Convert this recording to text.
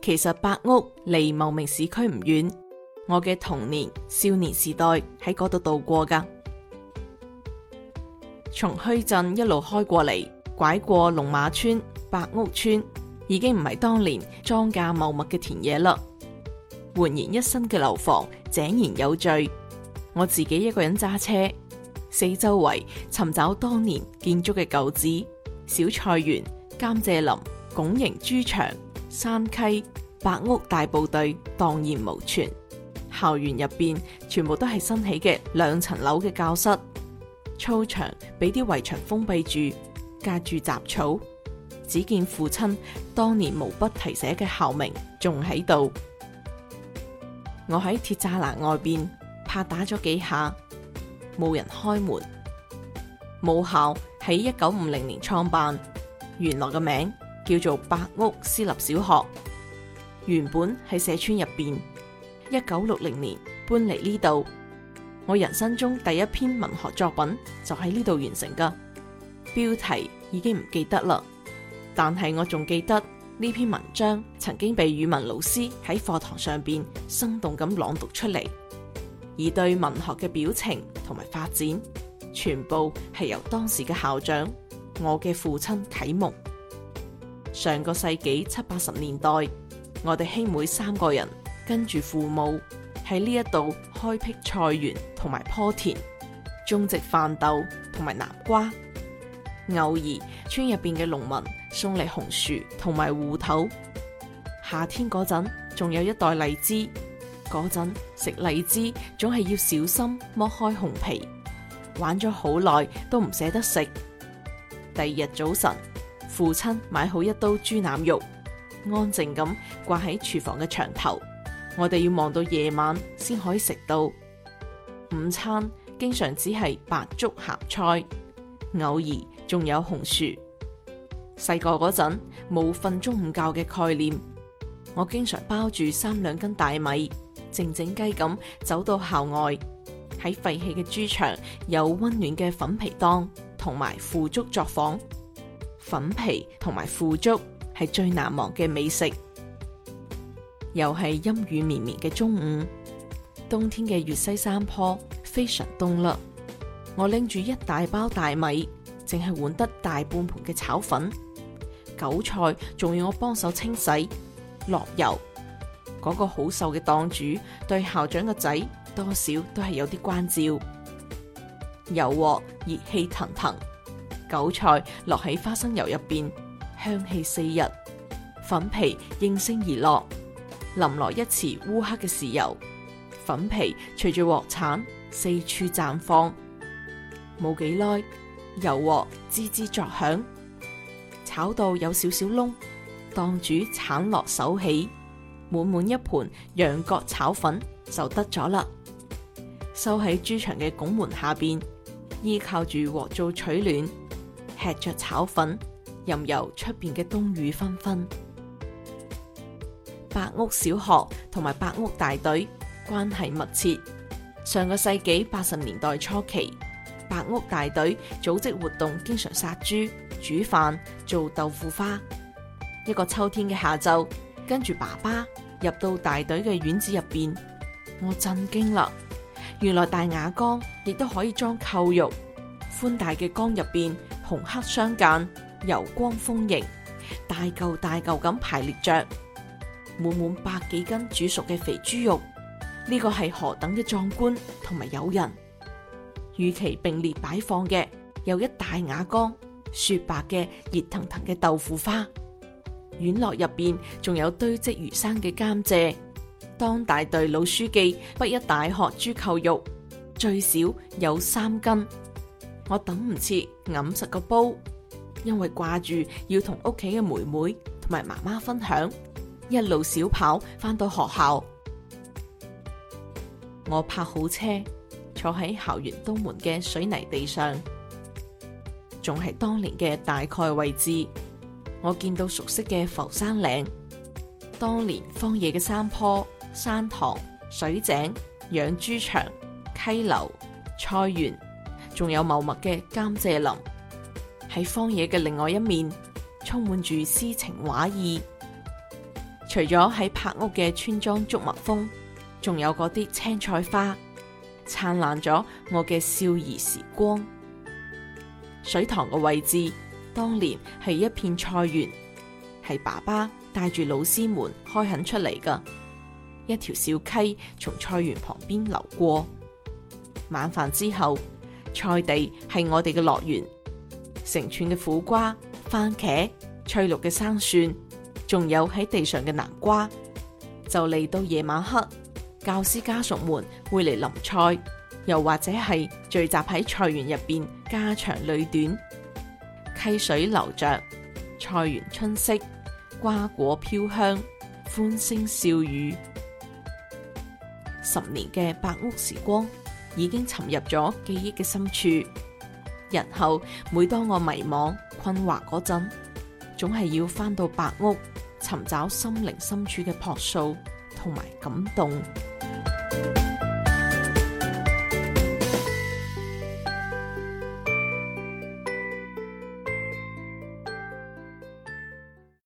其實柏屋離茂名市區唔遠，我嘅童年少年時代喺嗰度度過噶。從墟鎮一路開過嚟，拐過龍馬村、柏屋村，已經唔係當年莊稼茂密嘅田野啦，煥然一新嘅樓房井然有序。我自己一個人揸車，四周圍尋找當年建築嘅舊址、小菜園、甘蔗林、拱形豬場。山溪柏屋大隊部蕩然無存，校園入邊全部都係新起嘅兩層樓嘅教室，操場俾啲圍牆封閉住，隔住雜草。只見父親當年毛筆題寫嘅校名仲喺度。我喺鐵栅欄外邊拍打咗幾下，冇人開門。母校喺一九五零年創辦，原來嘅名。叫做柏屋私立小學，原本喺社村入邊，一九六零年搬嚟呢度。我人生中第一篇文學作品就喺呢度完成噶，標題已經唔記得啦，但係我仲記得呢篇文章曾經被語文老師喺課堂上邊生動咁朗讀出嚟，而對文學嘅衷情同埋發展，全部係由當時嘅校長我嘅父親啟蒙。上個世紀七八十年代，我哋兄妹三個人跟住父母喺呢一度開闢菜園同埋坡田，種植飯豆同埋南瓜。偶爾村入邊嘅農民送嚟紅薯同埋芋頭。夏天嗰陣仲有一袋荔枝，嗰陣食荔枝總係要小心剝開紅皮，玩咗好耐都唔捨得食。第二日早晨。父親買好一刀豬腩肉，安靜咁掛喺廚房嘅牆頭。我哋要望到夜晚先可以食到。午餐經常只係白粥鹹菜，偶爾仲有紅薯。細個嗰陣冇瞓中午覺嘅概念，我經常包住三兩斤大米，靜靜雞咁走到校外，喺廢棄嘅豬場有温暖嘅粉皮檔同埋腐竹作坊。粉皮同埋腐竹係最難忘嘅美食，又係陰雨綿綿嘅中午，冬天嘅粵西山坡非常凍嘞。我拎住一大包大米，淨係換得大半盆嘅炒粉，韭菜仲要我幫手清洗落油。嗰個好瘦嘅檔主對校長嘅仔多少都係有啲關照，油鑊熱氣騰騰。熱氣騰騰韭菜落喺花生油入邊，香氣四溢；粉皮應聲而落，淋落一池烏黑嘅豉油，粉皮隨住鑊鏟四處綻放。冇幾耐，油鑊滋滋作響，炒到有少少燶，檔主鏟落手起，滿滿一盤羊角炒粉就得咗啦。收喺豬場嘅拱門下邊，依靠住鑊灶取暖。吃着炒粉，任由出邊嘅冬雨紛紛。柏屋小學同埋柏屋大隊關係密切。上個世紀八十年代初期，柏屋大隊組織活動，經常殺豬煮飯做豆腐花。一個秋天嘅下晝，跟住爸爸入到大隊嘅院子入邊，我震驚啦！原來大瓦缸亦都可以裝扣肉，寬大嘅缸入邊，紅黑相間、油光豐盈、大嚿大嚿咁排列着，滿滿百幾斤煮熟嘅肥豬肉，呢、這個係何等嘅壯觀同埋誘人！與其並列擺放嘅，有一大瓦缸雪白嘅熱騰騰嘅豆腐花，院落入邊仲有堆積如山嘅甘蔗。當大隊老書記倒一大勺豬扣肉，最少有三斤。我等唔切，揞實個煲，因為掛住要同屋企嘅妹妹同埋媽媽分享，一路小跑返到學校。我泊好車，坐喺校園東門嘅水泥地上，仲係當年嘅大概位置。我見到熟悉嘅浮山嶺，當年荒野嘅山坡、山塘、水井、養豬場、溪流、菜園。仲有茂密嘅甘蔗林，喺荒野嘅另外一面，充滿住詩情畫意。除咗喺柏屋嘅村莊捉蜜蜂，仲有嗰啲青菜花，燦爛咗我嘅少兒時光。水塘嘅位置當年係一片菜園，係爸爸帶住老師們開墾出嚟㗎。一條小溪從菜園旁邊流過，晚飯之後，菜地係我哋嘅樂園，成串嘅苦瓜、番茄、翠綠嘅生蒜，仲有喺地上嘅南瓜。就嚟到夜晚黑，教師家屬們會嚟淋菜，又或者係聚集喺菜園入邊，家長裏短。溪水流着，菜園春色，瓜果飄香，歡聲笑語。十年嘅柏屋時光已經沉入咗記憶嘅深處，日後每當我迷茫困惑嗰陣，總係要返到柏屋尋找心靈深處嘅樸素同埋感動。